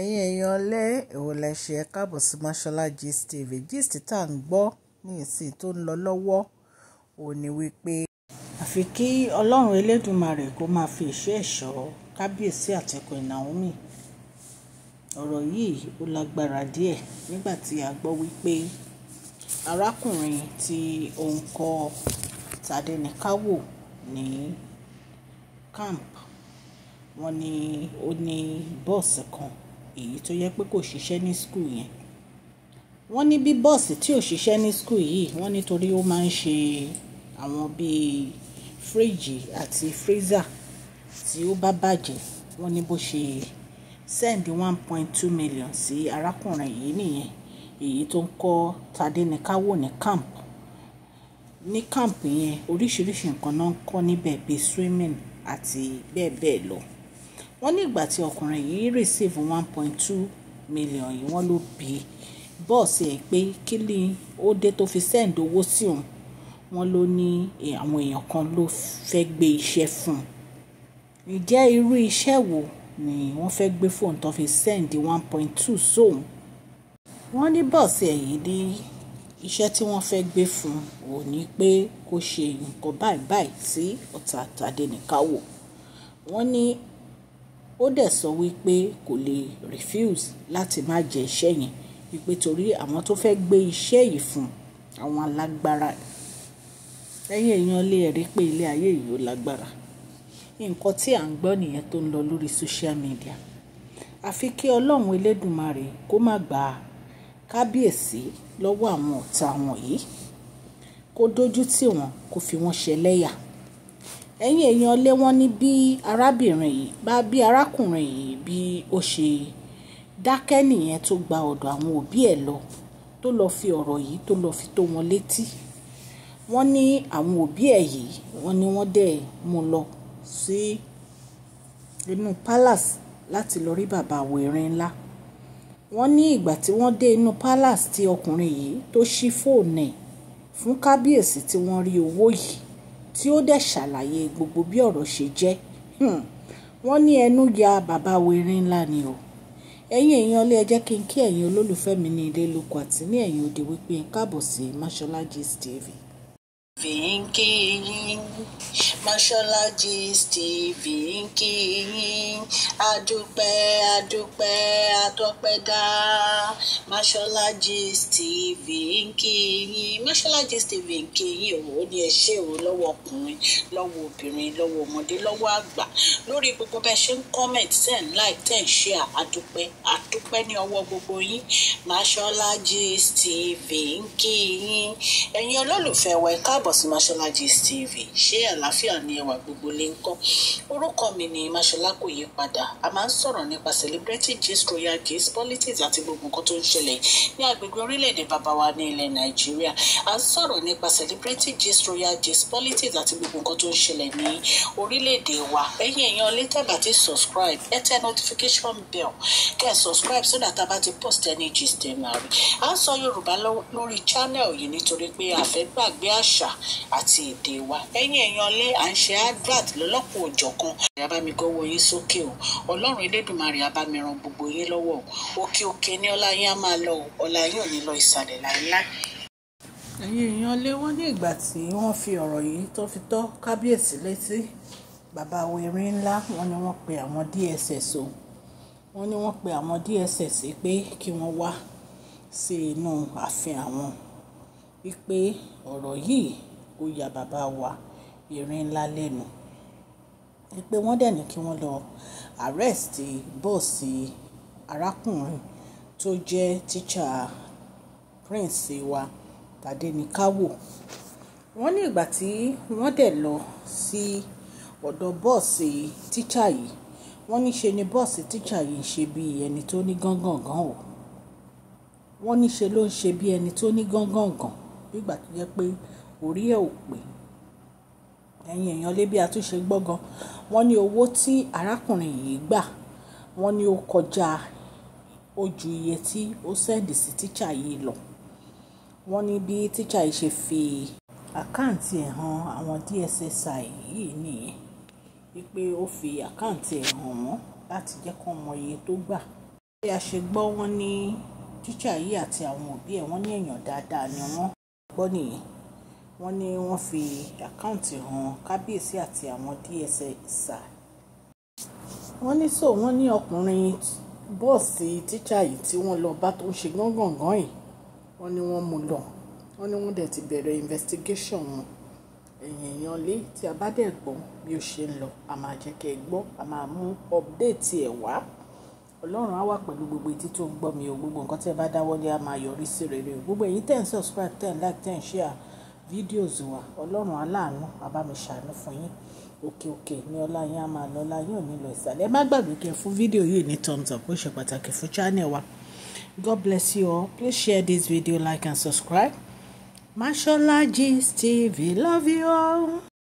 ẹ̀yin èèyàn ọlẹ́ ìwòlẹ́sẹ̀ káàbọ̀ sí Mashola Gist TV gist tá à ń gbọ́ ní ìsìn tó ń lọ lọ́wọ́ ò ní wípé. àfi kí ọlọ́run elédùnmarè kó máa fi ìṣe ẹ̀ṣọ́ kábíyèsí àti Queen Naomi ọ̀rọ̀ yìí ó lágbára díẹ̀ nígbà tí a gbọ́ wípé arákùnrin tí ó ń ní camp wọ́n ní ó ní bọ́ọ̀sì kan èyí tó yẹ pé kò ṣiṣẹ́ ní skul yẹn wọ́n ní bí bọ́ọ̀sì tí ò ṣiṣẹ́ ní skul yìí wọ́n nítorí ó máa ń ṣe àwọn bíi fíríjì àti freezer tí ó bá bàjẹ́ wọ́n ní bó ṣe send one point two million sí arákùnrin yìí nìyẹn èyí tó ń kọ́ tadénikáwò ní camp ní camp yẹn oríṣiríṣi nǹkan náà ń kọ́ níbẹ̀ bíi swimming àti bẹ́ẹ̀ bẹ́ẹ̀ lọ wọ́n ní ìgbà tí ọkùnrin yìí receive one point two million yìí wọ́n ló bí i bọ́ọ̀sì ẹ̀ pé kí ni ó dé tó fi send owó sí òun wọ́n ló ní àwọn èèyàn kan ló fẹ́ gbé iṣẹ́ fún un ǹjẹ́ irú iṣẹ́ wo ni wọ́n fẹ́ gbé fóun tó fi send one point two sóun wọ́n ní bọ́ọ̀sì ẹ̀ yìí ní iṣẹ́ tí wọ́n fẹ́ gbé fún un ò ní pé kó ṣe nǹkan báyìí báyìí sí ọ̀tà tàdé nìkáwò wọ́n ní ó dẹ̀ sọ wípé kò lè refuse láti má jẹ iṣẹ́ yẹn wípé torí àwọn tó fẹ́ gbé iṣẹ́ yìí fún àwọn alágbára ẹ̀yìn èèyàn lè rí pé ilé ayé yìí ó lágbára nǹkan tí à ń gbọ́ nìyẹn tó ń lọ lórí social media àfi kí ọlọ́run elédùnmarè kó má gba kábíyèsí lọ́wọ́ àwọn ọ̀tá wọn yìí kó dójú tì wọ́n kó fi wọ́n ṣẹlẹ́yà ẹ̀yin èèyàn lé wọn ní bí arábìnrin yìí bá bí arákùnrin yìí bí ó ṣe dákẹ́ nìyẹn tó gba ọ̀dọ̀ àwọn òbí ẹ̀ lọ tó lọ fi ọ̀rọ̀ yìí tó lọ fi tó wọn létí wọ́n ní àwọn òbí ẹ̀ yìí wọ́n ní wọ́n dẹ̀ mú lọ sí inú palace láti lọ rí bàbá wẹ̀rin ńlá wọ́n ní ìgbà tí wọ́n dé inú palace tí ọkùnrin yìí tó ṣí fóònù ẹ̀ fún kábíyèsí tí wọ́n rí owó yìí tí ó dẹ̀ ṣàlàyé gbogbo bí ọ̀rọ̀ ṣe jẹ́ hmm. wọ́n ní ẹnu ya bàbá wẹ̀rin ńlá ni o ẹ̀yin èèyàn ilé ẹ jẹ́ kí n kí ẹ̀yin olólùfẹ́ mi ní ilé lóko àti ní ẹ̀yin òde wípé n káàbọ̀ sí mashola gist kíyìn masholagist tv ń kíyìn adúpẹ́ adúpẹ́ atọ́pẹ́dá masholagist tv ń kíyìn masholagist òwò ni ẹ ṣe òwò lọ́wọ́ ọkùnrin lọ́wọ́ obìnrin lọ́wọ́ ọmọdé lọ́wọ́ àgbà lórí gbogbo bẹ́ẹ̀ ṣe ń comment ten like ten share adúpẹ́ adúpẹ́ ní ọwọ́ gbogbo yín masholagist tv ń kíyìn ẹ̀yin olólùfẹ́ wa ẹ káàbọ̀ káàbọ̀ sí Mashola Gist TV ṣé àlàáfíà ni ẹwà gbogbo lè ń kọ́ orúkọ mi ni Mashola kò yí padà a máa ń sọ̀rọ̀ nípa celebrity gist royal gist politics àti gbogbo nǹkan tó ń ṣẹlẹ̀ ní agbègbè orílẹ̀-èdè bàbá wa ní ilẹ̀ Nàìjíríà a ń sọ̀rọ̀ nípa celebrity gist royal gist politics àti gbogbo nǹkan tó ń ṣẹlẹ̀ ní orílẹ̀-èdè wa ẹ̀yin èèyàn lè tẹ̀gbà tí subscribe ẹ tẹ notification bell kẹ́ ẹ subscribe sódà tá a bá ti post ẹni gist ẹ̀ máa rí à ń sọ Yorùbá lórí channel yìí nítorí pé a fẹ́ gbàgbé àṣà àti èdè wa ẹ̀yin èèyàn lé à ń ṣe advert lọ́lọ́pọ̀ òjọ̀kan. abami gọ́wọ́ yín sókè o ọlọ́run elédùnmarè abami ran gbogbo yín lọ́wọ́ òkè òkè ni ọlá yín á máa lọ ọlá yín ò ní lọ ìsàlẹ̀ láéláé ẹ̀yin èèyàn lé wọ́n ní ìgbà tí wọ́n fi ọ̀rọ̀ yìí tó fi tọ́ kábíyèsí létí bàbá werin ńlá wọ́n ní wọ́n pe àwọn DSS o wọ́n ní wọ́n pe àwọn DSS pé kí wọ́n wá sí inú ààfin àwọn wípé ọ̀rọ̀ yìí ó ya bàbá wa erin ńlá lẹ́nu pé wọ́n dẹ̀ ní kí wọ́n lọ arrest bọ́ọ̀sì arákùnrin tó jẹ́ tíṣà prince wa tàdéníkàwò wọ́n ní ìgbà tí wọ́n dẹ̀ lọ sí ọ̀dọ̀ bọ́ọ̀sì tíṣà yìí wọ́n ní ṣe ni bọ́ọ̀sì tíṣà yìí ń ṣe bí ẹni tó ní gángangán o wọ́n ní ṣe ló ń ṣe bí ẹni tó ní gángangán nígbà tó jẹ́ pé. Pe orí ẹ̀ ò pé ẹ̀yin èèyàn lé bí a tún ṣe gbọ́ gan wọ́n ní owó tí arákùnrin yìí gbà wọ́n ní ó kọjá ojú iye tí ó sẹ́ndì sí tíṣà yìí lọ wọ́n ní bí tíṣà yìí ṣe fi àkáǹtì ẹ̀ hàn àwọn DSSI yìí nìyẹn wípé ó fi àkáǹtì ẹ̀ hàn wọ́n láti jẹ́ kó mọ iye tó gbà bí a ṣe gbọ́ wọ́n ní tíṣà yìí àti àwọn òbí ẹ̀ wọ́n ní èèyàn dáadáa ni wọ́n gbọ́ nìyẹn wọ́n ní wọ́n fi àkáǹtì hàn kábíyèsí àti àwọn dss wọ́n ní so wọ́n ní ọkùnrin bọ́ọ̀sì tíṣà yìí tí wọ́n lọ bá tó ń ṣe gángangan yìí wọ́n ní wọ́n mú lọ wọ́n ní wọ́n dẹ̀ ti bẹ̀rẹ̀ investigation wọn ẹ̀yìn èèyàn lé tí a bá dẹ̀ gbọ́ bí ó ṣe ń lọ a máa jẹ́ kẹ́ ẹ gbọ́ a máa mú update ẹ̀ wá ọlọ́run á wà pẹ̀lú gbogbo etí tó ń gbọ́ mi o gbogbo nǹkan tí ẹ bá dáwọ́ lé a máa yọrí sí rere gbogbo èyí tẹ̀ ń subscribe tẹ̀ ń like tẹ̀ ń share videos wa ọlọ́run aláàánú bàbá mi ṣàánú fún yín òkè òkè ní ọlá yín á máa lọ ọlá yín ò ní lọ ìsàlẹ̀ ẹ má gbàgbé kí ẹ fún fídíò yìí ní thumbs up ó ṣe pàtàkì fún channel wa god bless you all please share this video like and subscribe mashola gist tv love you all.